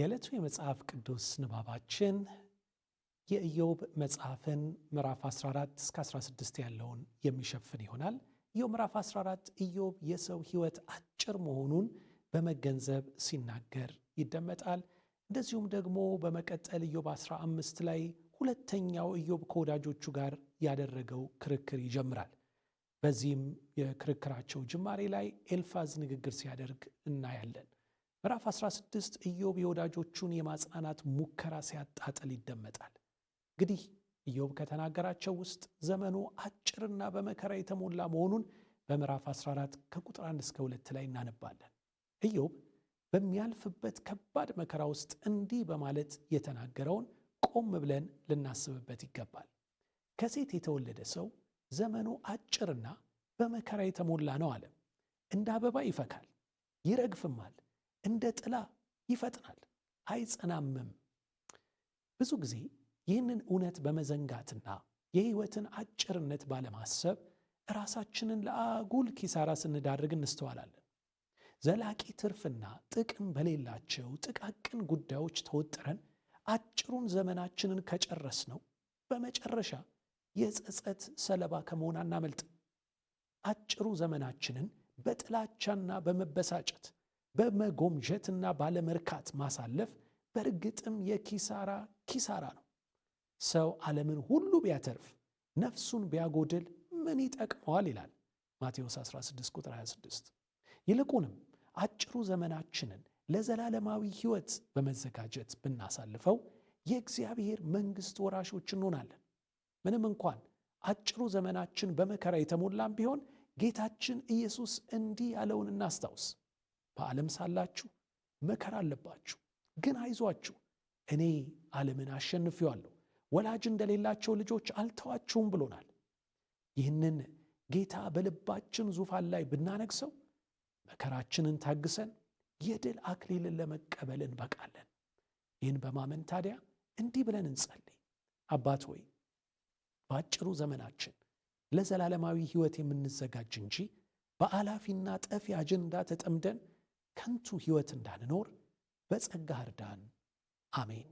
የዕለቱ የመጽሐፍ ቅዱስ ንባባችን የኢዮብ መጽሐፍን ምዕራፍ 14 እስከ 16 ያለውን የሚሸፍን ይሆናል። ኢዮብ ምዕራፍ 14 ኢዮብ የሰው ሕይወት አጭር መሆኑን በመገንዘብ ሲናገር ይደመጣል። እንደዚሁም ደግሞ በመቀጠል ኢዮብ 15 ላይ ሁለተኛው ኢዮብ ከወዳጆቹ ጋር ያደረገው ክርክር ይጀምራል። በዚህም የክርክራቸው ጅማሬ ላይ ኤልፋዝ ንግግር ሲያደርግ እናያለን። ምዕራፍ 16 ኢዮብ የወዳጆቹን የማጽናናት ሙከራ ሲያጣጥል ይደመጣል። እንግዲህ ኢዮብ ከተናገራቸው ውስጥ ዘመኑ አጭርና በመከራ የተሞላ መሆኑን በምዕራፍ 14 ከቁጥር 1 እስከ 2 ላይ እናነባለን። ኢዮብ በሚያልፍበት ከባድ መከራ ውስጥ እንዲህ በማለት የተናገረውን ቆም ብለን ልናስብበት ይገባል። ከሴት የተወለደ ሰው ዘመኑ አጭርና በመከራ የተሞላ ነው አለ። እንደ አበባ ይፈካል፣ ይረግፍማል እንደ ጥላ ይፈጥናል አይጸናምም። ብዙ ጊዜ ይህንን እውነት በመዘንጋትና የህይወትን አጭርነት ባለማሰብ ራሳችንን ለአጉል ኪሳራ ስንዳርግ እንስተዋላለን። ዘላቂ ትርፍና ጥቅም በሌላቸው ጥቃቅን ጉዳዮች ተወጥረን አጭሩን ዘመናችንን ከጨረስ ነው በመጨረሻ የጸጸት ሰለባ ከመሆን አናመልጥም። አጭሩ ዘመናችንን በጥላቻና በመበሳጨት በመጎምጀትና ባለመርካት ማሳለፍ በእርግጥም የኪሳራ ኪሳራ ነው። ሰው ዓለምን ሁሉ ቢያተርፍ ነፍሱን ቢያጎድል ምን ይጠቅመዋል? ይላል ማቴዎስ 16 ቁጥር 26። ይልቁንም አጭሩ ዘመናችንን ለዘላለማዊ ሕይወት በመዘጋጀት ብናሳልፈው የእግዚአብሔር መንግሥት ወራሾች እንሆናለን። ምንም እንኳን አጭሩ ዘመናችን በመከራ የተሞላም ቢሆን ጌታችን ኢየሱስ እንዲህ ያለውን እናስታውስ በዓለም ሳላችሁ መከራ አለባችሁ፣ ግን አይዟችሁ እኔ ዓለምን አሸንፌዋለሁ፣ ወላጅ እንደሌላቸው ልጆች አልተዋችሁም ብሎናል። ይህንን ጌታ በልባችን ዙፋን ላይ ብናነግሰው መከራችንን ታግሰን የድል አክሊልን ለመቀበል እንበቃለን። ይህን በማመን ታዲያ እንዲህ ብለን እንጸልይ። አባት ሆይ በአጭሩ ዘመናችን ለዘላለማዊ ሕይወት የምንዘጋጅ እንጂ በአላፊና ጠፊ አጀንዳ ተጠምደን ከንቱ ህይወት እንዳንኖር በጸጋ እርዳን። አሜን።